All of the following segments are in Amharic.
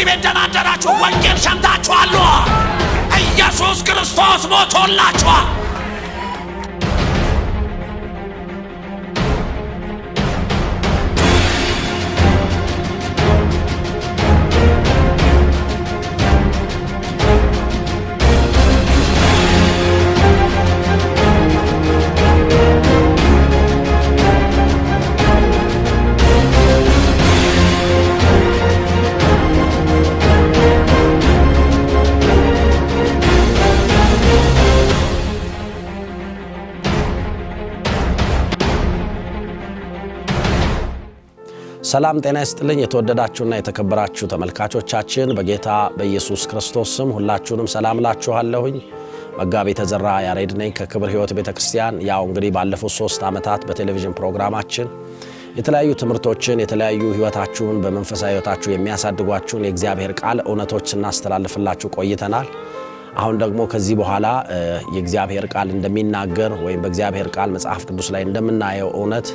በዚህ ቤት ደህና አደራችሁ። ወንጌል ሰምታችኋል። ኢየሱስ ክርስቶስ ሞቶላችኋል። ሰላም ጤና ይስጥልኝ። የተወደዳችሁና የተከበራችሁ ተመልካቾቻችን በጌታ በኢየሱስ ክርስቶስ ስም ሁላችሁንም ሰላም እላችኋለሁኝ። መጋቢ ተዘራ ያሬድ ነኝ ከክብር ሕይወት ቤተ ክርስቲያን። ያው እንግዲህ ባለፉት ሶስት ዓመታት በቴሌቪዥን ፕሮግራማችን የተለያዩ ትምህርቶችን የተለያዩ ሕይወታችሁን በመንፈሳዊ ሕይወታችሁ የሚያሳድጓችሁን የእግዚአብሔር ቃል እውነቶች ስናስተላልፍላችሁ ቆይተናል። አሁን ደግሞ ከዚህ በኋላ የእግዚአብሔር ቃል እንደሚናገር ወይም በእግዚአብሔር ቃል መጽሐፍ ቅዱስ ላይ እንደምናየው እውነት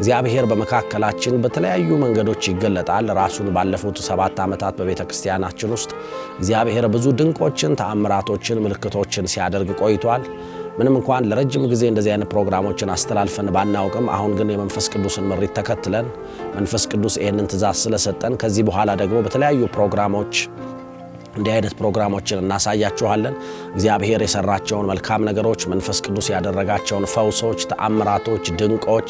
እግዚአብሔር በመካከላችን በተለያዩ መንገዶች ይገለጣል። ራሱን ባለፉት ሰባት ዓመታት በቤተ ክርስቲያናችን ውስጥ እግዚአብሔር ብዙ ድንቆችን፣ ተአምራቶችን፣ ምልክቶችን ሲያደርግ ቆይቷል። ምንም እንኳን ለረጅም ጊዜ እንደዚህ አይነት ፕሮግራሞችን አስተላልፈን ባናውቅም አሁን ግን የመንፈስ ቅዱስን ምሪት ተከትለን መንፈስ ቅዱስ ይህንን ትእዛዝ ስለሰጠን ከዚህ በኋላ ደግሞ በተለያዩ ፕሮግራሞች እንዲህ አይነት ፕሮግራሞችን እናሳያችኋለን። እግዚአብሔር የሰራቸውን መልካም ነገሮች፣ መንፈስ ቅዱስ ያደረጋቸውን ፈውሶች፣ ተአምራቶች፣ ድንቆች፣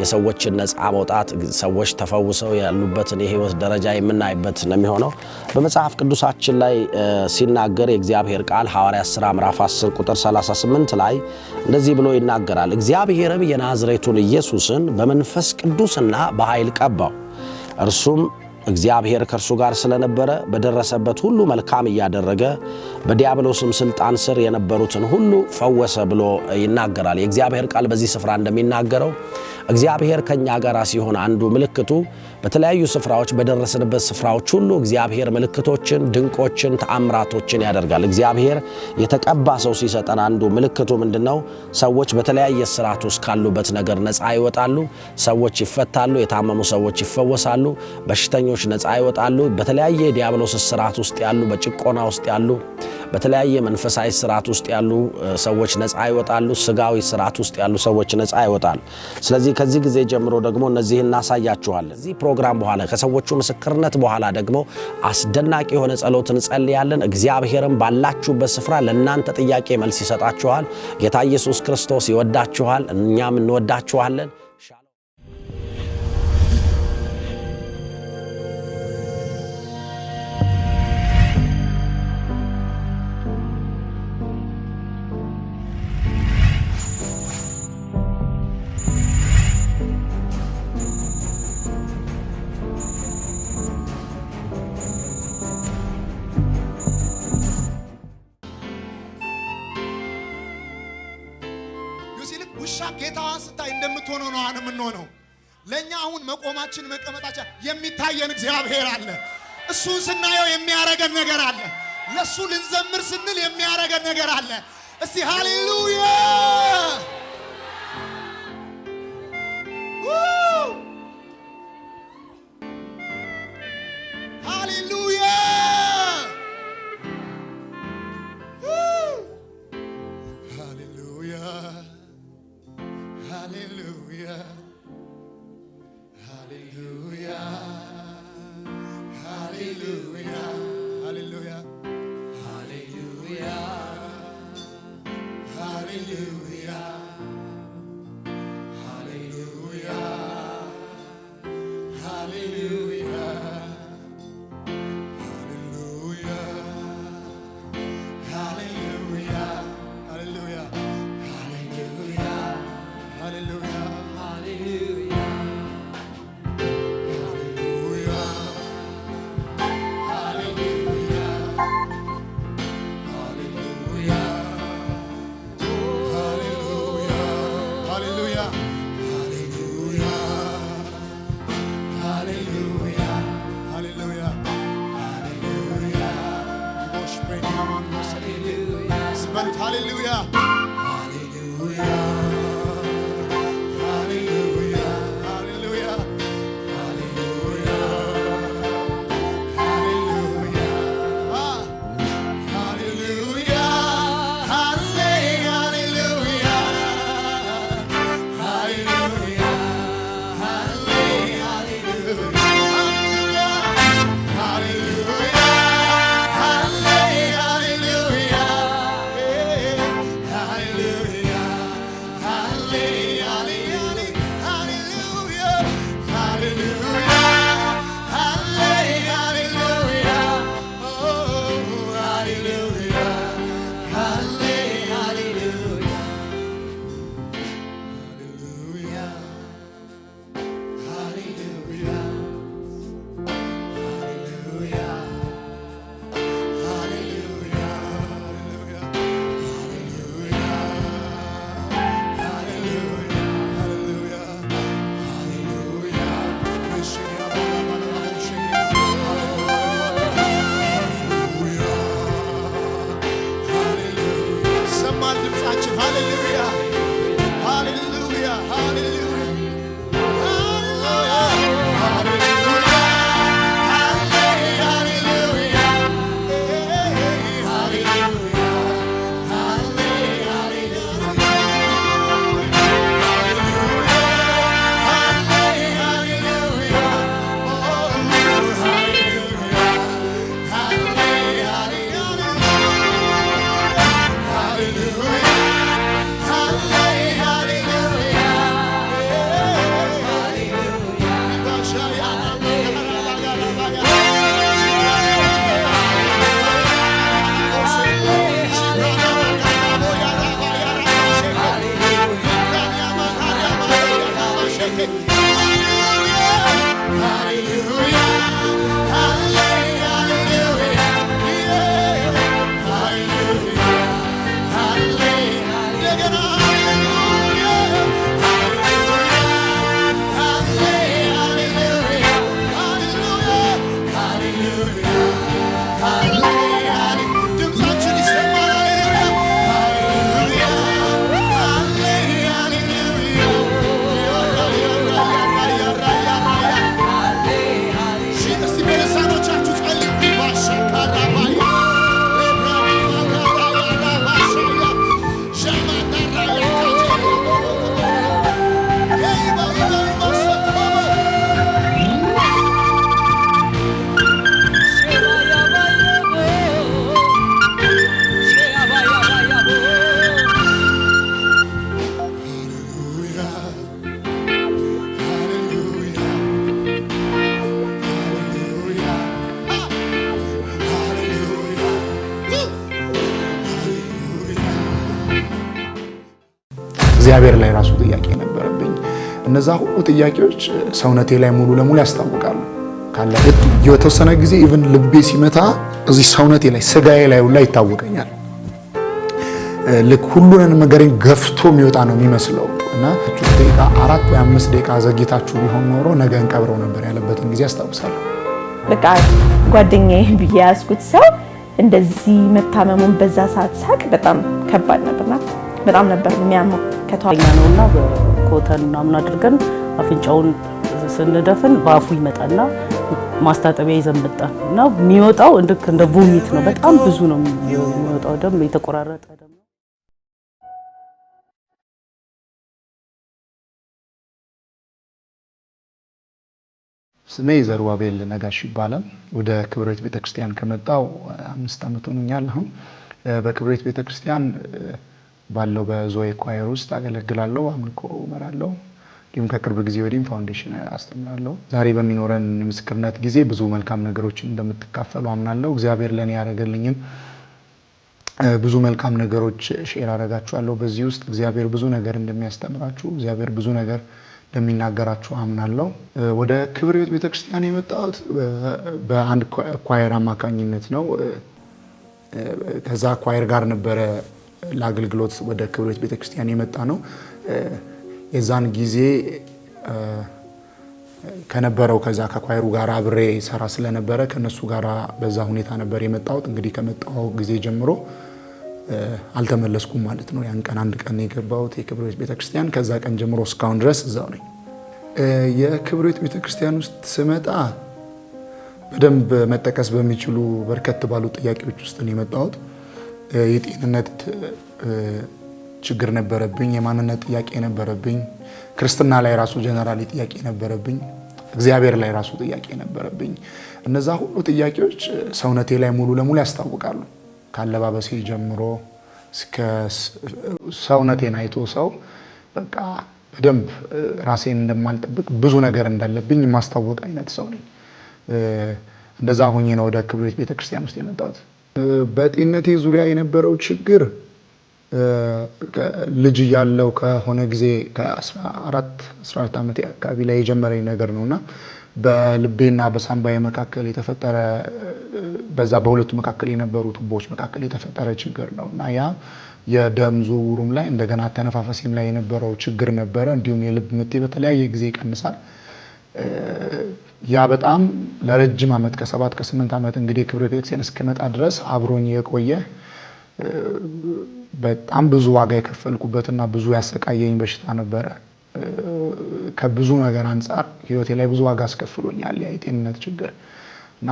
የሰዎችን ነፃ መውጣት፣ ሰዎች ተፈውሰው ያሉበትን የህይወት ደረጃ የምናይበት ነው የሚሆነው። በመጽሐፍ ቅዱሳችን ላይ ሲናገር የእግዚአብሔር ቃል ሐዋርያ ሥራ ምራፍ 10 ቁጥር 38 ላይ እንደዚህ ብሎ ይናገራል። እግዚአብሔርም የናዝሬቱን ኢየሱስን በመንፈስ ቅዱስና በኃይል ቀባው እርሱም እግዚአብሔር ከእርሱ ጋር ስለነበረ በደረሰበት ሁሉ መልካም እያደረገ በዲያብሎስም ስልጣን ስር የነበሩትን ሁሉ ፈወሰ ብሎ ይናገራል። የእግዚአብሔር ቃል በዚህ ስፍራ እንደሚናገረው እግዚአብሔር ከእኛ ጋር ሲሆን አንዱ ምልክቱ በተለያዩ ስፍራዎች በደረስንበት ስፍራዎች ሁሉ እግዚአብሔር ምልክቶችን፣ ድንቆችን፣ ተአምራቶችን ያደርጋል። እግዚአብሔር የተቀባ ሰው ሲሰጠን አንዱ ምልክቱ ምንድ ነው? ሰዎች በተለያየ ስርዓት ውስጥ ካሉበት ነገር ነፃ ይወጣሉ። ሰዎች ይፈታሉ። የታመሙ ሰዎች ይፈወሳሉ። በሽተኞች ነፃ ይወጣሉ። በተለያየ ዲያብሎስ ስርዓት ውስጥ ያሉ፣ በጭቆና ውስጥ ያሉ በተለያየ መንፈሳዊ ስርዓት ውስጥ ያሉ ሰዎች ነፃ ይወጣሉ። ስጋዊ ስርዓት ውስጥ ያሉ ሰዎች ነፃ ይወጣሉ። ስለዚህ ከዚህ ጊዜ ጀምሮ ደግሞ እነዚህ እናሳያችኋለን። እዚህ ፕሮግራም በኋላ ከሰዎቹ ምስክርነት በኋላ ደግሞ አስደናቂ የሆነ ጸሎት እንጸልያለን። እግዚአብሔርም ባላችሁበት ስፍራ ለእናንተ ጥያቄ መልስ ይሰጣችኋል። ጌታ ኢየሱስ ክርስቶስ ይወዳችኋል፣ እኛም እንወዳችኋለን። መቆማችን መቀመጣችን የሚታየን እግዚአብሔር አለ። እሱን ስናየው የሚያረገን ነገር አለ። ለእሱ ልንዘምር ስንል የሚያረገን ነገር አለ። እስቲ ሃሌሉያ እነዛ ሁሉ ጥያቄዎች ሰውነቴ ላይ ሙሉ ለሙሉ ያስታውቃሉ። ካለበት የተወሰነ ጊዜ ኢቭን ልቤ ሲመታ እዚህ ሰውነቴ ላይ ስጋዬ ላይ ሁላ ይታወቀኛል። ልክ ሁሉንን ነገሬን ገፍቶ የሚወጣ ነው የሚመስለው እና ደቂቃ አራት ወይ አምስት ደቂቃ ዘግይታችሁ ቢሆን ኖሮ ነገ እንቀብረው ነበር ያለበትን ጊዜ አስታውሳለሁ። በቃ ጓደኛዬ ብዬ ያዝኩት ሰው እንደዚህ መታመሙን በዛ ሰዓት ሳቅ በጣም ከባድ ነበርና በጣም ነበር የሚያመው ከተዋኛ ነውና ኮተን ምናምን አድርገን አፍንጫውን ስንደፍን በአፉ ይመጣና ማስታጠቢያ ይዘን መጣን እና የሚወጣው እንደክ እንደ ቮሚት ነው። በጣም ብዙ ነው የሚወጣው ደም፣ የተቆራረጠ ደም ስሜ ዘሩባቤል ነጋሽ ይባላል። ወደ ክብሬት ቤተክርስቲያን ከመጣው አምስት ዓመት ሆኖኛል። አሁን በክብሬት ቤተክርስቲያን ባለው በዞይ ኳየር ውስጥ አገለግላለሁ፣ አምልኮ እመራለሁ። እንዲሁም ከቅርብ ጊዜ ወዲህም ፋውንዴሽን አስተምራለሁ። ዛሬ በሚኖረን ምስክርነት ጊዜ ብዙ መልካም ነገሮችን እንደምትካፈሉ አምናለሁ። እግዚአብሔር ለእኔ ያደረገልኝን ብዙ መልካም ነገሮች ሼር አደርጋችኋለሁ። በዚህ ውስጥ እግዚአብሔር ብዙ ነገር እንደሚያስተምራችሁ፣ እግዚአብሔር ብዙ ነገር እንደሚናገራችሁ አምናለሁ። ወደ ክብር ሕይወት ቤተክርስቲያን የመጣሁት በአንድ ኳየር አማካኝነት ነው። ከዛ ኳየር ጋር ነበረ ለአገልግሎት ወደ ክብሬት ቤተክርስቲያን የመጣ ነው። የዛን ጊዜ ከነበረው ከዛ ከኳይሩ ጋር አብሬ ሰራ ስለነበረ ከነሱ ጋር በዛ ሁኔታ ነበር የመጣሁት። እንግዲህ ከመጣው ጊዜ ጀምሮ አልተመለስኩም ማለት ነው። ያን ቀን አንድ ቀን የገባሁት የክብሬት ቤተክርስቲያን፣ ከዛ ቀን ጀምሮ እስካሁን ድረስ እዛው ነኝ። የክብሬት ቤተክርስቲያን ውስጥ ስመጣ በደንብ መጠቀስ በሚችሉ በርከት ባሉ ጥያቄዎች ውስጥ ነው የመጣሁት። የጤንነት ችግር ነበረብኝ፣ የማንነት ጥያቄ ነበረብኝ፣ ክርስትና ላይ ራሱ ጀነራል ጥያቄ ነበረብኝ፣ እግዚአብሔር ላይ ራሱ ጥያቄ ነበረብኝ። እነዛ ሁሉ ጥያቄዎች ሰውነቴ ላይ ሙሉ ለሙሉ ያስታውቃሉ። ከአለባበሴ ጀምሮ እስከ ሰውነቴን አይቶ ሰው በቃ በደንብ ራሴን እንደማልጠብቅ ብዙ ነገር እንዳለብኝ የማስታወቅ አይነት ሰው ነኝ። እንደዛ ሆኜ ነው ወደ ክብሪት ቤተክርስቲያን ውስጥ የመጣሁት። በጤንነቴ ዙሪያ የነበረው ችግር ልጅ ያለው ከሆነ ጊዜ ከ14 ዓመት አካባቢ ላይ የጀመረኝ ነገር ነው እና በልቤና በሳምባዬ መካከል የተፈጠረ በዛ በሁለቱ መካከል የነበሩ ቱቦዎች መካከል የተፈጠረ ችግር ነው እና ያ የደም ዝውውሩም ላይ እንደገና ተነፋፈሴም ላይ የነበረው ችግር ነበረ። እንዲሁም የልብ ምቴ በተለያየ ጊዜ ይቀንሳል። ያ በጣም ለረጅም ዓመት ከሰባት ከስምንት ዓመት እንግዲህ ክብረ ቤተክርስቲያን እስክመጣ ድረስ አብሮኝ የቆየ በጣም ብዙ ዋጋ የከፈልኩበትና ብዙ ያሰቃየኝ በሽታ ነበረ። ከብዙ ነገር አንጻር ህይወቴ ላይ ብዙ ዋጋ አስከፍሎኛል ያ የጤንነት ችግር እና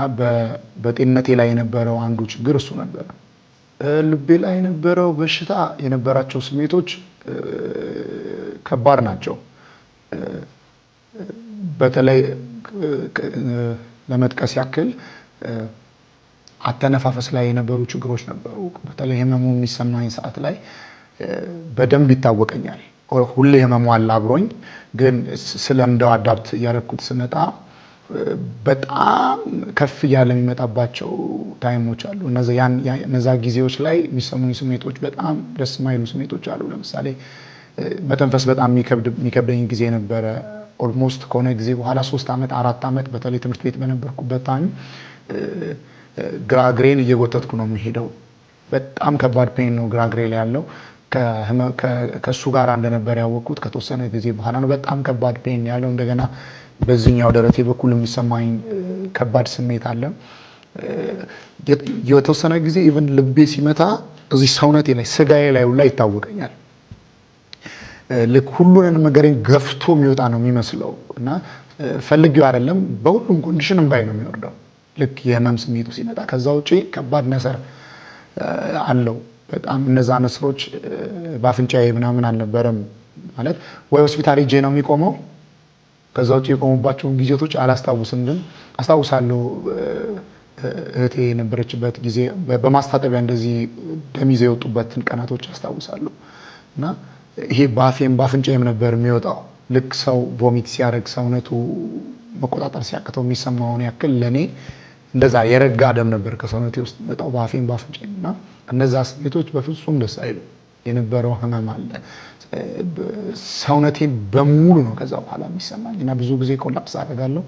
በጤንነቴ ላይ የነበረው አንዱ ችግር እሱ ነበረ። ልቤ ላይ የነበረው በሽታ የነበራቸው ስሜቶች ከባድ ናቸው። በተለይ ለመጥቀስ ያክል አተነፋፈስ ላይ የነበሩ ችግሮች ነበሩ። በተለይ ህመሙ የሚሰማኝ ሰዓት ላይ በደንብ ይታወቀኛል። ሁሌ ህመሙ አለ አብሮኝ፣ ግን ስለምደው አዳፕት እያደረግኩት ስመጣ በጣም ከፍ እያለ የሚመጣባቸው ታይሞች አሉ። እነዛ ጊዜዎች ላይ የሚሰሙኝ ስሜቶች በጣም ደስ የማይሉ ስሜቶች አሉ። ለምሳሌ መተንፈስ በጣም የሚከብደኝ ጊዜ ነበረ። ኦልሞስት ከሆነ ጊዜ በኋላ ሶስት ዓመት አራት ዓመት በተለይ ትምህርት ቤት በነበርኩበት ታይም ግራግሬን እየጎተትኩ ነው የሚሄደው። በጣም ከባድ ፔን ነው ግራግሬ ላይ ያለው። ከእሱ ጋር እንደነበር ያወቅኩት ከተወሰነ ጊዜ በኋላ ነው። በጣም ከባድ ፔን ያለው። እንደገና በዚህኛው ደረቴ በኩል የሚሰማኝ ከባድ ስሜት አለ። የተወሰነ ጊዜ ኢቨን ልቤ ሲመታ እዚህ ሰውነቴ ላይ ስጋዬ ላይ ሁላ ይታወቀኛል። ልክ ሁሉንን ነገር ገፍቶ የሚወጣ ነው የሚመስለው እና ፈልጊው አይደለም በሁሉም ኮንዲሽን ባይ ነው የሚወርደው ልክ የህመም ስሜቱ ሲመጣ። ከዛ ውጭ ከባድ ነሰር አለው በጣም እነዛ ነስሮች በአፍንጫዬ ምናምን አልነበረም ማለት ወይ ሆስፒታል ሄጄ ነው የሚቆመው። ከዛ ውጭ የቆሙባቸውን ጊዜቶች አላስታውስም፣ ግን አስታውሳለሁ። እህቴ የነበረችበት ጊዜ በማስታጠቢያ እንደዚህ ደም ይዘው የወጡበትን ቀናቶች አስታውሳለሁ እና ይሄ ባፌም ባፍንጫም ነበር የሚወጣው። ልክ ሰው ቮሚት ሲያደርግ ሰውነቱ መቆጣጠር ሲያቅተው የሚሰማውን ያክል ለእኔ እንደዛ የረጋ ደም ነበር ከሰውነቴ ውስጥ መጣው ባፌም ባፍንጫም እና እነዛ ስሜቶች በፍጹም ደስ አይሉ የነበረው ህመም አለ ሰውነቴን በሙሉ ነው ከዛ በኋላ የሚሰማኝ እና ብዙ ጊዜ ቆላፕስ አደርጋለሁ።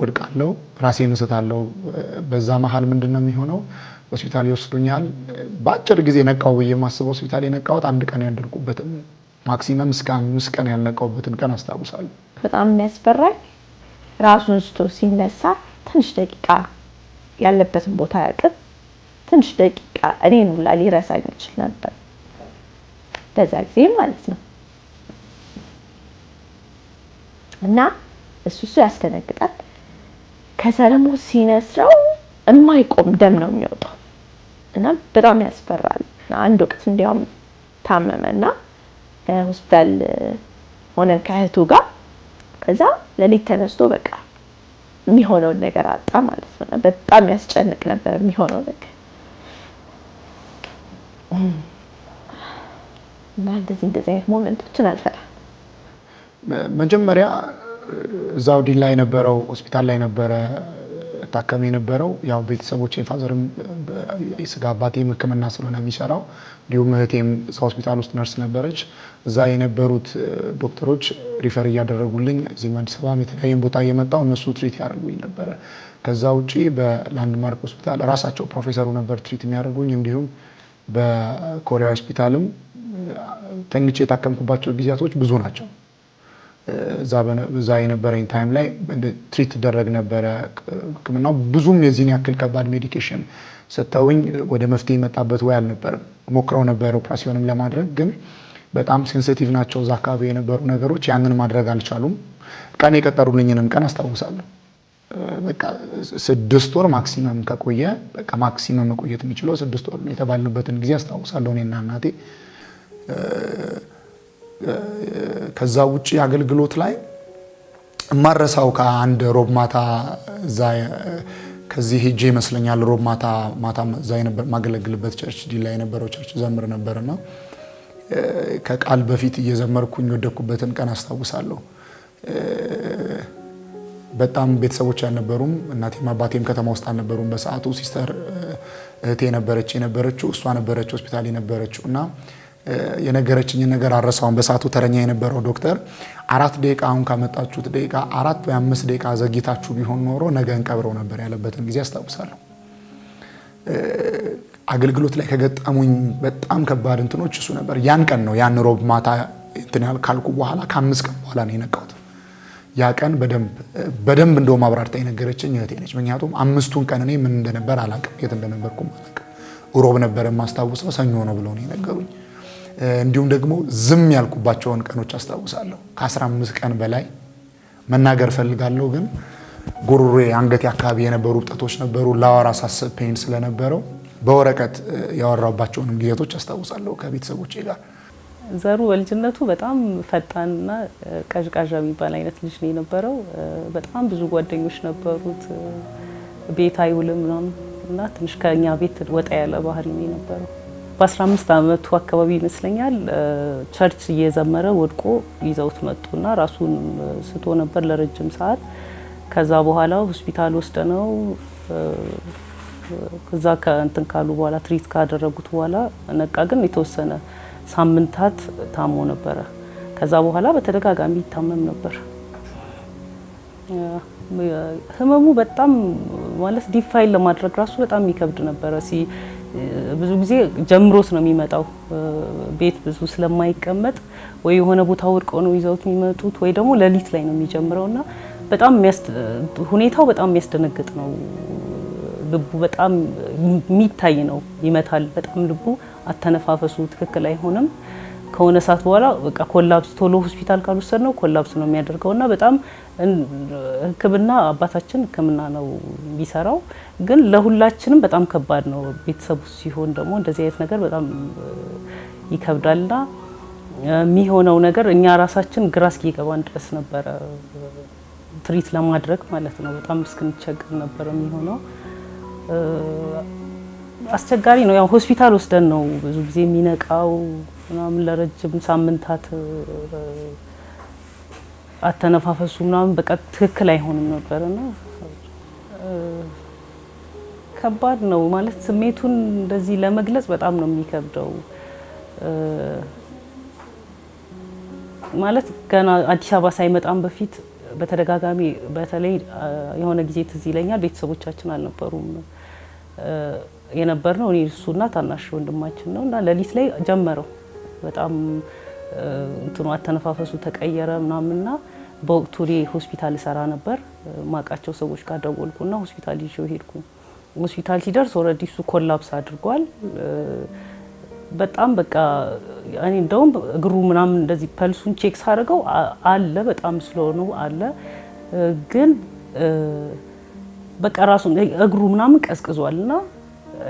ወድቃለሁ፣ ራሴን እስታለሁ። በዛ መሀል ምንድን ነው የሚሆነው? ሆስፒታል ይወስዱኛል። በአጭር ጊዜ ነቃው ብዬ የማስበው ሆስፒታል የነቃሁት አንድ ቀን ያደርጉበትም ማክሲመም እስከ አምስት ቀን ያልነቃውበትን ቀን አስታውሳለሁ። በጣም የሚያስፈራኝ ራሱን ስቶ ሲነሳ ትንሽ ደቂቃ ያለበትን ቦታ ያቅም ትንሽ ደቂቃ እኔን ሁላ ሊረሳኝ ይችል ነበር። በዛ ጊዜ ማለት ነው እና እሱ እሱ ያስተነግጣል። ከዛ ደግሞ ሲነስረው የማይቆም ደም ነው የሚወጣው እና በጣም ያስፈራል። አንድ ወቅት እንዲያውም ታመመና ሆስፒታል ሆነን ከእህቱ ጋር ከዛ ሌሊት ተነስቶ በቃ የሚሆነውን ነገር አጣ ማለት ነው። በጣም ያስጨንቅ ነበር የሚሆነው ነገር እና እንደዚህ እንደዚህ አይነት ሞመንቶችን አልፈራ መጀመሪያ እዛው ዲን ላይ ነበረው ሆስፒታል ላይ ነበረ ታከም የነበረው ያው ቤተሰቦቼ ፋዘርም ስጋ አባቴም ህክምና ስለሆነ የሚሰራው እንዲሁም እህቴም እዛ ሆስፒታል ውስጥ ነርስ ነበረች። እዛ የነበሩት ዶክተሮች ሪፈር እያደረጉልኝ እዚህ አዲስ አበባ የተለያየን ቦታ እየመጣው እነሱ ትሪት ያደርጉኝ ነበረ። ከዛ ውጪ በላንድማርክ ሆስፒታል ራሳቸው ፕሮፌሰሩ ነበር ትሪት የሚያደርጉኝ። እንዲሁም በኮሪያ ሆስፒታልም ተኝቼ የታከምኩባቸው ጊዜያቶች ብዙ ናቸው። እዛ የነበረኝ ታይም ላይ ትሪት ትደረግ ነበረ። ህክምናው ብዙም የዚህን ያክል ከባድ ሜዲኬሽን ሰጥተውኝ ወደ መፍትሄ የመጣበት ወይ አልነበርም። ሞክረው ነበር ኦፕራሲዮንም ለማድረግ ግን በጣም ሴንስቲቭ ናቸው እዛ አካባቢ የነበሩ ነገሮች። ያንን ማድረግ አልቻሉም። ቀን የቀጠሩልኝንም ቀን አስታውሳለሁ። በቃ ስድስት ወር ማክሲመም ከቆየ በቃ ማክሲመም መቆየት የሚችለው ስድስት ወር የተባልንበትን ጊዜ አስታውሳለሁ እኔና እናቴ ከዛ ውጭ አገልግሎት ላይ ማረሳው ከአንድ ሮብ ማታ እዛ ከዚህ ሄጄ ይመስለኛል ሮብ ማታ ማታ እዛ የማገለግልበት ቸርች ላይ የነበረው ቸርች ዘምር ነበርና ከቃል በፊት እየዘመርኩኝ ወደኩበትን ቀን አስታውሳለሁ። በጣም ቤተሰቦች አልነበሩም። እናቴም አባቴም ከተማ ውስጥ አልነበሩም። በሰዓቱ ሲስተር እህቴ ነበረች የነበረችው እሷ ነበረች ሆስፒታል የነበረችው እና የነገረችኝ ነገር አረሳውን በሰዓቱ ተረኛ የነበረው ዶክተር አራት ደቂቃ አሁን ካመጣችሁት ደቂቃ አራት ወይ አምስት ደቂቃ ዘግይታችሁ ቢሆን ኖሮ ነገ እንቀብረው ነበር ያለበትን ጊዜ አስታውሳለሁ። አገልግሎት ላይ ከገጠሙኝ በጣም ከባድ እንትኖች እሱ ነበር። ያን ቀን ነው ያን ሮብ ማታ እንትን ያል ካልኩ በኋላ ከአምስት ቀን በኋላ ነው የነቃሁት። ያ ቀን በደንብ እንደውም አብራርታ የነገረችኝ እህቴ ነች። ምክንያቱም አምስቱን ቀን እኔ ምን እንደነበር አላቅም፣ የት እንደነበርኩም አላቅም። ሮብ ነበር የማስታውሰው። ሰኞ ነው ብለው ነው የነገሩኝ። እንዲሁም ደግሞ ዝም ያልኩባቸውን ቀኖች አስታውሳለሁ። ከ15 ቀን በላይ መናገር ፈልጋለሁ፣ ግን ጉሮሮ አንገቴ አካባቢ የነበሩ እብጠቶች ነበሩ። ላወራ ሳስብ ፔን ስለነበረው በወረቀት ያወራባቸውንም ጊዜቶች አስታውሳለሁ ከቤተሰቦቼ ጋር። ዘሩ በልጅነቱ በጣም ፈጣንና ቀዥቃዣ የሚባል አይነት ልጅ ነው የነበረው። በጣም ብዙ ጓደኞች ነበሩት። ቤት አይውልም ምናምን እና ትንሽ ከኛ ቤት ወጣ ያለ ባህሪ ነው የነበረው። በ15 ዓመቱ አካባቢ ይመስለኛል ቸርች እየዘመረ ወድቆ ይዘውት መጡና ራሱን ስቶ ነበር ለረጅም ሰዓት። ከዛ በኋላ ሆስፒታል ወስደ ነው ከዛ ከእንትን ካሉ በኋላ ትሪት ካደረጉት በኋላ ነቃ። ግን የተወሰነ ሳምንታት ታሞ ነበረ። ከዛ በኋላ በተደጋጋሚ ይታመም ነበር። ህመሙ በጣም ማለት ዲፋይን ለማድረግ ራሱ በጣም የሚከብድ ነበረ። ብዙ ጊዜ ጀምሮት ነው የሚመጣው። ቤት ብዙ ስለማይቀመጥ ወይ የሆነ ቦታ ወድቀው ነው ይዘውት የሚመጡት ወይ ደግሞ ሌሊት ላይ ነው የሚጀምረው እና በጣም ሁኔታው በጣም የሚያስደነግጥ ነው። ልቡ በጣም የሚታይ ነው፣ ይመታል በጣም ልቡ። አተነፋፈሱ ትክክል አይሆንም። ከሆነ ሰዓት በኋላ በቃ ኮላፕስ ቶሎ ሆስፒታል ካልወሰድ ነው ኮላፕስ ነው የሚያደርገው። እና በጣም ሕክምና አባታችን ሕክምና ነው የሚሰራው፣ ግን ለሁላችንም በጣም ከባድ ነው። ቤተሰቡ ሲሆን ደግሞ እንደዚህ አይነት ነገር በጣም ይከብዳልና የሚሆነው ነገር እኛ ራሳችን ግራ እስኪገባን ድረስ ነበረ ትሪት ለማድረግ ማለት ነው። በጣም እስክንቸግር ነበረ የሚሆነው። አስቸጋሪ ነው። ያው ሆስፒታል ወስደን ነው ብዙ ጊዜ የሚነቃው ምናምን ለረጅም ሳምንታት አተነፋፈሱ ምናምን በቃ ትክክል አይሆንም ነበር እና ከባድ ነው ማለት ስሜቱን እንደዚህ ለመግለጽ በጣም ነው የሚከብደው። ማለት ገና አዲስ አበባ ሳይመጣም በፊት በተደጋጋሚ በተለይ የሆነ ጊዜ ትዝ ይለኛል ቤተሰቦቻችን አልነበሩም የነበር ነው። እኔ እሱና ታናሽ ወንድማችን ነው እና ሌሊት ላይ ጀመረው በጣም እንትኑ አተነፋፈሱ ተቀየረ ምናምንና በወቅቱ እኔ ሆስፒታል እሰራ ነበር። ማቃቸው ሰዎች ጋር ደወልኩና ሆስፒታል ይዤው ሄድኩ። ሆስፒታል ሲደርስ ኦልሬዲ እሱ ኮላፕስ አድርጓል። በጣም በቃ እኔ እንደውም እግሩ ምናምን እንደዚህ ፐልሱን ቼክ ሳደርገው አለ በጣም ስሎ አለ ግን በቃ ራሱ እግሩ ምናምን ቀዝቅዟል እና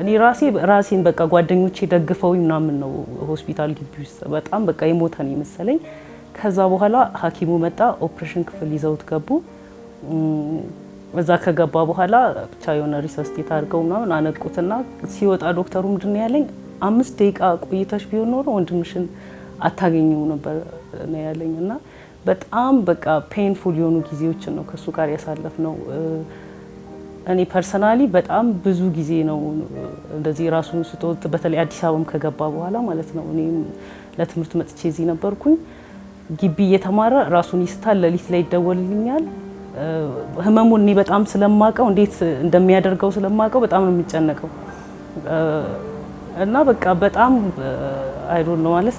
እኔ ራሴ ራሴን በቃ ጓደኞቼ ደግፈው ምናምን ነው ሆስፒታል ግቢ ውስጥ በጣም በቃ የሞተ ነው የመሰለኝ። ከዛ በኋላ ሐኪሙ መጣ፣ ኦፕሬሽን ክፍል ይዘውት ገቡ። እዛ ከገባ በኋላ ብቻ የሆነ ሪሰስቴት አድርገው ምናምን አነቁትና ሲወጣ ዶክተሩ ምንድን ነው ያለኝ አምስት ደቂቃ ቆይተሽ ቢሆን ኖሮ ወንድምሽን አታገኘው ነበር ነው ያለኝ እና በጣም በቃ ፔንፉል የሆኑ ጊዜዎችን ነው ከእሱ ጋር ያሳለፍ ነው። እኔ ፐርሰናሊ በጣም ብዙ ጊዜ ነው እንደዚህ ራሱን ስቶ በተለይ አዲስ አበባም ከገባ በኋላ ማለት ነው። እኔም ለትምህርት መጥቼ እዚህ ነበርኩኝ። ግቢ እየተማረ ራሱን ይስታል። ሌሊት ላይ ይደወልልኛል። ህመሙን እኔ በጣም ስለማቀው እንዴት እንደሚያደርገው ስለማቀው በጣም ነው የሚጨነቀው እና በቃ በጣም አይዶን ነው ማለት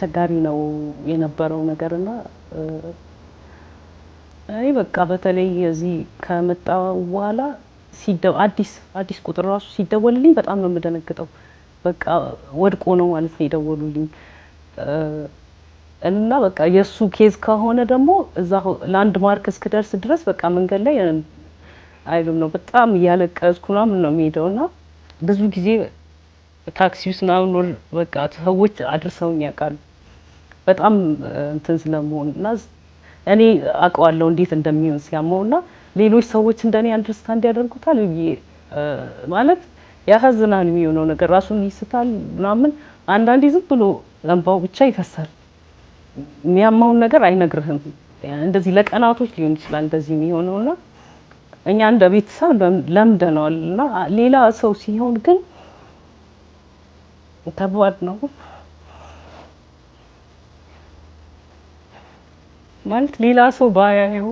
አስቸጋሪ ነው የነበረው ነገር እና እኔ በቃ በተለይ እዚህ ከመጣ በኋላ አዲስ አዲስ ቁጥር ራሱ ሲደወልልኝ በጣም ነው የምደነግጠው። በቃ ወድቆ ነው ማለት ነው የደወሉልኝ እና በቃ የእሱ ኬዝ ከሆነ ደግሞ እዛ ላንድ ማርክ እስክደርስ ድረስ በቃ መንገድ ላይ አይሉም ነው በጣም እያለቀስኩ ምናምን ነው የሚሄደው እና ብዙ ጊዜ ታክሲ ውስጥ ምናምን በቃ ሰዎች አድርሰውኝ ያውቃሉ። በጣም እንትን ስለመሆን እና እኔ አውቀዋለሁ እንዴት እንደሚሆን ሲያመው እና ሌሎች ሰዎች እንደኔ አንደርስታንድ ያደርጉታል ብዬ ማለት ያሳዝናል። የሚሆነው ነገር ራሱን ይስታል ምናምን። አንዳንዴ ዝም ብሎ እንባው ብቻ ይፈሳል። የሚያማውን ነገር አይነግርህም። እንደዚህ ለቀናቶች ሊሆን ይችላል እንደዚህ የሚሆነው እና እኛ እንደ ቤተሰብ ለምደነዋል እና ሌላ ሰው ሲሆን ግን ከባድ ነው። ማለት ሌላ ሰው ባያየው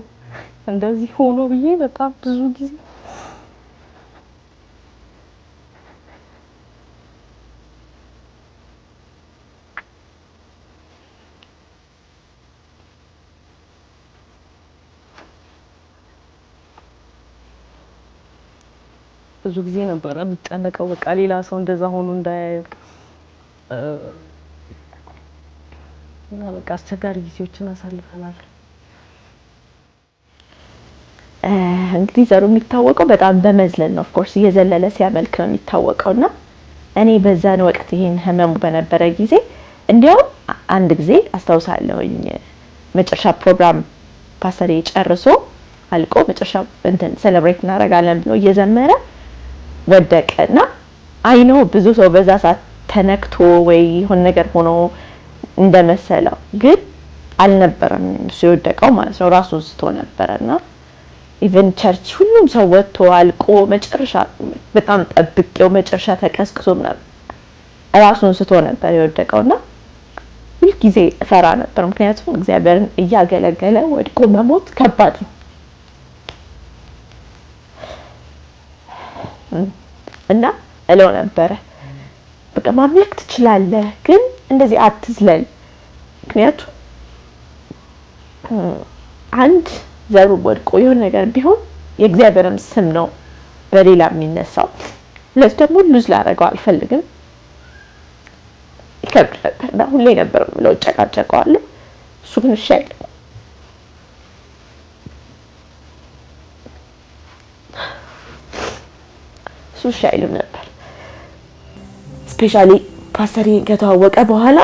እንደዚህ ሆኖ ብዬ በጣም ብዙ ጊዜ ብዙ ጊዜ ነበረ የምጨነቀው። በቃ ሌላ ሰው እንደዛ ሆኖ እንዳያየው እና በቃ አስቸጋሪ ጊዜዎችን አሳልፈናል። እንግዲህ ዘሩ የሚታወቀው በጣም በመዝለል ነው። ኦፍኮርስ እየዘለለ ሲያመልክ ነው የሚታወቀው እና እኔ በዛን ወቅት ይህን ህመሙ በነበረ ጊዜ እንዲያውም አንድ ጊዜ አስታውሳለሁኝ መጨረሻ ፕሮግራም ፓስተር ጨርሶ አልቆ መጨረሻ እንትን ሴሌብሬት እናደርጋለን ብሎ እየዘመረ ወደቀ እና ነው ብዙ ሰው በዛ ሰዓት ተነክቶ ወይ የሆነ ነገር ሆኖ እንደመሰለው ግን አልነበረም እሱ የወደቀው ማለት ነው። ራሱ ስቶ ነበረና ኢቨን ቸርች ሁሉም ሰው ወጥቶ አልቆ መጨረሻ በጣም ጠብቄው መጨረሻ ተቀስቅሶ ነበር ራሱን ስቶ ነበር የወደቀውና ሁልጊዜ እፈራ ነበር። ምክንያቱም እግዚአብሔርን እያገለገለ ወድቆ መሞት ከባድ ነው እና እለው ነበረ በቃ ማምለክ ትችላለህ ግን እንደዚህ አትዝለል። ምክንያቱም አንድ ዘሩ ወድቆ የሆነ ነገር ቢሆን የእግዚአብሔርም ስም ነው በሌላ የሚነሳው። ለዚ ደግሞ ሉዝ ላደረገው አልፈልግም። ይከብድ ነበር። ሁሌ ነበር ብለው ጨቃጨቀዋለሁ። እሱ ግን እሺ አይልም። እሱ እሺ አይልም ነበር ስፔሻሊ ፓስተር ከተዋወቀ በኋላ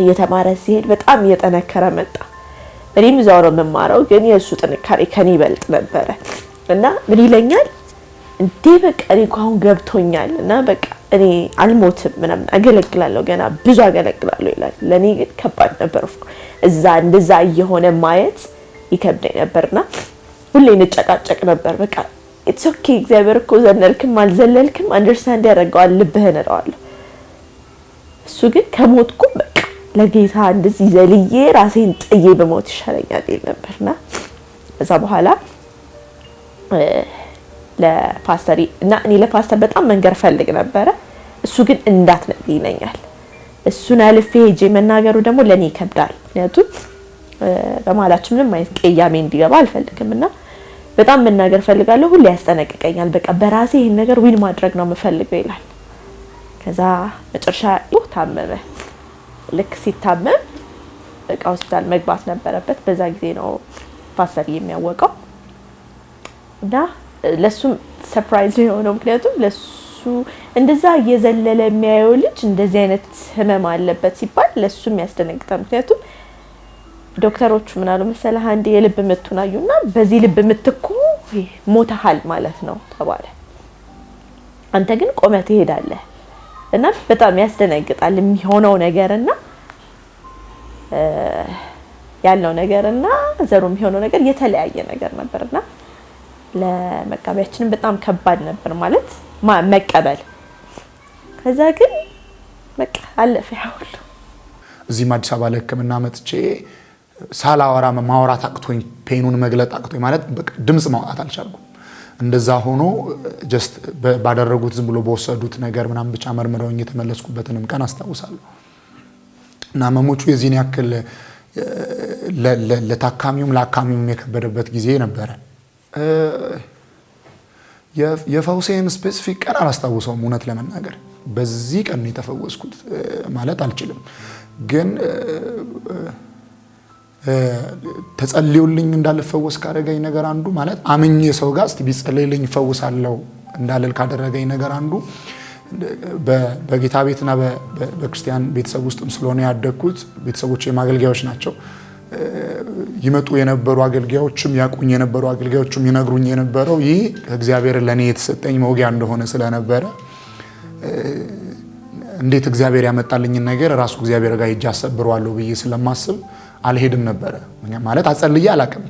እየተማረ ሲሄድ በጣም እየጠነከረ መጣ። እኔም እዛው ነው የምማረው፣ ግን የእሱ ጥንካሬ ከኔ ይበልጥ ነበረ እና ምን ይለኛል እንዴ በቃ እኔ እኮ አሁን ገብቶኛል እና በቃ እኔ አልሞትም ምናምን አገለግላለሁ፣ ገና ብዙ አገለግላለሁ ይላል። ለእኔ ግን ከባድ ነበር። እዛ እንደዛ እየሆነ ማየት ይከብደኝ ነበርና ሁሌ እንጨቃጨቅ ነበር በቃ ኢትስ ኦኬ እግዚአብሔር እኮ ዘለልክም አልዘለልክም አንደርስታንድ ያደርገዋል ልብህን እለዋለሁ። እሱ ግን ከሞትኩም በቃ ለጌታ እንደዚህ ዘልዬ ራሴን ጥዬ በሞት ይሻለኛል ይል ነበርና ከዛ በኋላ ለፓስተር እና እኔ ለፓስተር በጣም መንገር ፈልግ ነበረ። እሱ ግን እንዳትነግሪ ይለኛል። እሱን አልፌ ሄጄ መናገሩ ደግሞ ለእኔ ይከብዳል። ምክንያቱም በመሀላችን ምንም አይነት ቅያሜ እንዲገባ አልፈልግም እና በጣም መናገር ፈልጋለሁ። ሁሌ ያስጠነቅቀኛል። በቃ በራሴ ይህን ነገር ዊን ማድረግ ነው የምፈልገው ይላል። ከዛ መጨረሻ ታመመ። ልክ ሲታመም በቃ ሆስፒታል መግባት ነበረበት። በዛ ጊዜ ነው ፓስተር የሚያወቀው እና ለሱም ሰርፕራይዝ የሆነው ምክንያቱም ለሱ እንደዛ እየዘለለ የሚያየው ልጅ እንደዚህ አይነት ህመም አለበት ሲባል ለሱም ያስደነግጣል። ምክንያቱም ዶክተሮቹ ምን አሉ መሰለህ፣ አንድ የልብ ምቱን አዩና በዚህ ልብ የምትኩ ሞተሃል ማለት ነው ተባለ። አንተ ግን ቆመ ትሄዳለህ እና በጣም ያስደነግጣል የሚሆነው ነገርና ያለው ነገርና ዘሩ የሚሆነው ነገር የተለያየ ነገር ነበርና ለመቃቢያችንም በጣም ከባድ ነበር ማለት መቀበል። ከዛ ግን በቃ አለፈ ያው ሁሉ እዚህም አዲስ አበባ ለሕክምና መጥቼ ሳላወራ ማውራት አቅቶኝ ፔኑን መግለጥ አቅቶኝ ማለት ድምፅ ማውጣት አልቻልኩም። እንደዛ ሆኖ ጀስት ባደረጉት ዝም ብሎ በወሰዱት ነገር ምናምን ብቻ መርምረውኝ የተመለስኩበትንም ቀን አስታውሳለሁ። እና መሞቹ የዚህን ያክል ለታካሚውም ለአካሚውም የከበደበት ጊዜ ነበረ። የፈውሴን ስፔሲፊክ ቀን አላስታውሰውም። እውነት ለመናገር በዚህ ቀን የተፈወስኩት ማለት አልችልም ግን ተጸልዩልኝ እንዳልፈወስ ካደረገኝ ነገር አንዱ ማለት አምኜ ሰው ጋር እስቲ ቢጸልይልኝ እፈውሳለሁ እንዳልል ካደረገኝ ነገር አንዱ በጌታ ቤትና በክርስቲያን ቤተሰብ ውስጥም ስለሆነ ያደግኩት ቤተሰቦች የማገልጋዮች ናቸው። ይመጡ የነበሩ አገልጋዮችም ያቁኝ የነበሩ አገልጋዮችም ይነግሩኝ የነበረው ይህ ከእግዚአብሔር ለእኔ የተሰጠኝ መውጊያ እንደሆነ ስለነበረ እንዴት እግዚአብሔር ያመጣልኝን ነገር ራሱ እግዚአብሔር ጋር ይጃሰብረዋለሁ ብዬ ስለማስብ አልሄድም ነበረ ማለት አጸልዬ አላቅም።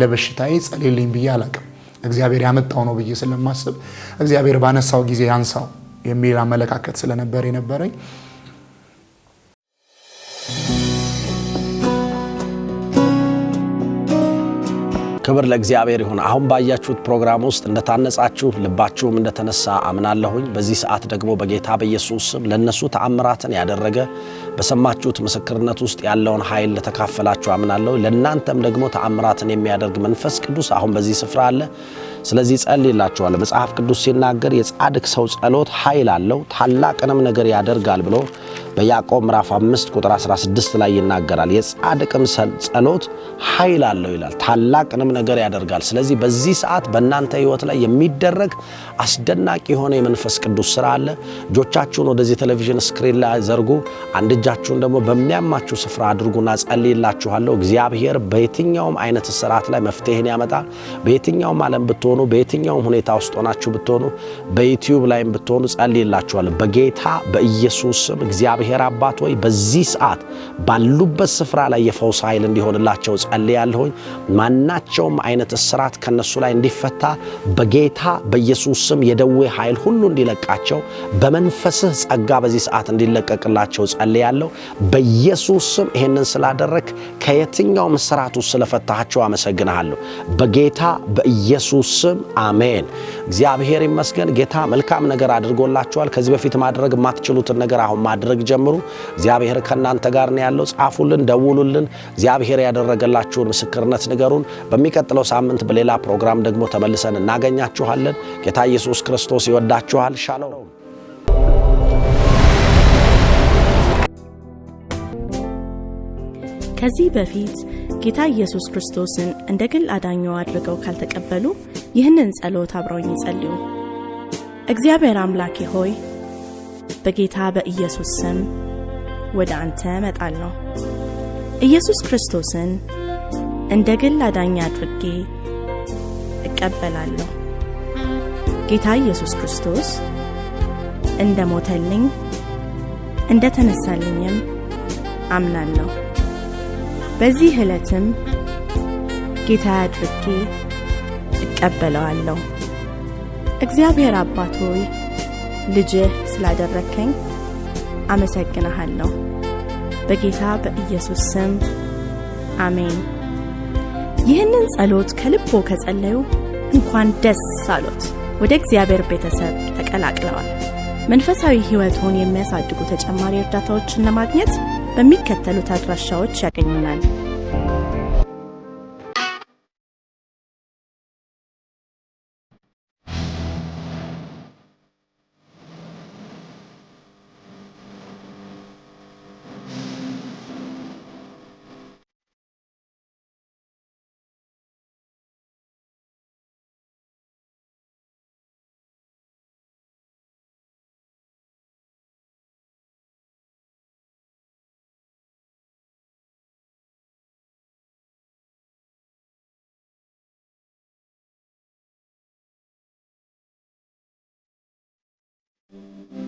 ለበሽታዬ ጸልልኝ ብዬ አላቅም። እግዚአብሔር ያመጣው ነው ብዬ ስለማስብ እግዚአብሔር ባነሳው ጊዜ ያንሳው የሚል አመለካከት ስለነበር የነበረኝ ክብር ለእግዚአብሔር ይሁን። አሁን ባያችሁት ፕሮግራም ውስጥ እንደታነጻችሁ ልባችሁም እንደተነሳ አምናለሁኝ። በዚህ ሰዓት ደግሞ በጌታ በኢየሱስ ስም ለእነሱ ተአምራትን ያደረገ በሰማችሁት ምስክርነት ውስጥ ያለውን ኃይል ለተካፈላችሁ አምናለሁ። ለእናንተም ደግሞ ተአምራትን የሚያደርግ መንፈስ ቅዱስ አሁን በዚህ ስፍራ አለ። ስለዚህ ጸልይላችኋለሁ። መጽሐፍ ቅዱስ ሲናገር የጻድቅ ሰው ጸሎት ኃይል አለው ታላቅንም ነገር ያደርጋል ብሎ በያዕቆብ ምዕራፍ 5 ቁጥር 16 ላይ ይናገራል። የጻድቅም ጸሎት ኃይል አለው ይላል፣ ታላቅንም ነገር ያደርጋል። ስለዚህ በዚህ ሰዓት በእናንተ ሕይወት ላይ የሚደረግ አስደናቂ የሆነ የመንፈስ ቅዱስ ስራ አለ። እጆቻችሁን ወደዚህ ቴሌቪዥን ስክሪን ላይ ዘርጉ። አንድ እጃችሁን ደግሞ በሚያማችሁ ስፍራ አድርጉና ጸልይላችኋለሁ። እግዚአብሔር በየትኛውም አይነት ስርዓት ላይ መፍትሄን ያመጣል። በየትኛውም ዓለም ብትሆኑ፣ በየትኛውም ሁኔታ ውስጥ ሆናችሁ ብትሆኑ፣ በዩትዩብ ላይም ብትሆኑ ጸልይላችኋለሁ በጌታ በኢየሱስም እግዚአብሔር አባት ወይ በዚህ ሰዓት ባሉበት ስፍራ ላይ የፈውስ ኃይል እንዲሆንላቸው ጸልያለሁኝ። ማናቸውም አይነት እስራት ከነሱ ላይ እንዲፈታ በጌታ በኢየሱስም የደዌ ኃይል ሁሉ እንዲለቃቸው በመንፈስህ ጸጋ በዚህ ሰዓት እንዲለቀቅላቸው ጸልያለሁ። አመሰግንሃለሁ። በኢየሱስ ስም ይሄንን ስላደረግ ከየትኛውም ስርዓት ስለፈታቸው አመሰግናለሁ። በጌታ በኢየሱስ ስም አሜን። እግዚአብሔር ይመስገን። ጌታ መልካም ነገር አድርጎላችኋል። ከዚህ በፊት ማድረግ የማትችሉትን ነገር አሁን ማድረግ ጀምሩ። እግዚአብሔር ከእናንተ ጋር ነው ያለው። ጻፉልን፣ ደውሉልን። እግዚአብሔር ያደረገላችሁን ምስክርነት ንገሩን። በሚቀጥለው ሳምንት በሌላ ፕሮግራም ደግሞ ተመልሰን እናገኛችኋለን። ጌታ ኢየሱስ ክርስቶስ ይወዳችኋል። ሻሎም ከዚህ በፊት ጌታ ኢየሱስ ክርስቶስን እንደ ግል አዳኞ አድርገው ካልተቀበሉ ይህንን ጸሎት አብረውኝ ይጸልዩ። እግዚአብሔር አምላኬ ሆይ በጌታ በኢየሱስ ስም ወደ አንተ መጣል ነው። ኢየሱስ ክርስቶስን እንደ ግል አዳኝ አድርጌ እቀበላለሁ። ጌታ ኢየሱስ ክርስቶስ እንደ ሞተልኝ እንደ ተነሳልኝም አምናለሁ። በዚህ ዕለትም ጌታ አድርጌ እቀበለዋለሁ። እግዚአብሔር አባት ሆይ ልጅህ ስላደረከኝ አመሰግንሃለሁ። በጌታ በኢየሱስ ስም አሜን። ይህንን ጸሎት ከልቦ ከጸለዩ እንኳን ደስ አሎት፣ ወደ እግዚአብሔር ቤተሰብ ተቀላቅለዋል። መንፈሳዊ ሕይወትን የሚያሳድጉ ተጨማሪ እርዳታዎችን ለማግኘት በሚከተሉት አድራሻዎች ያገኙናል። Thank you.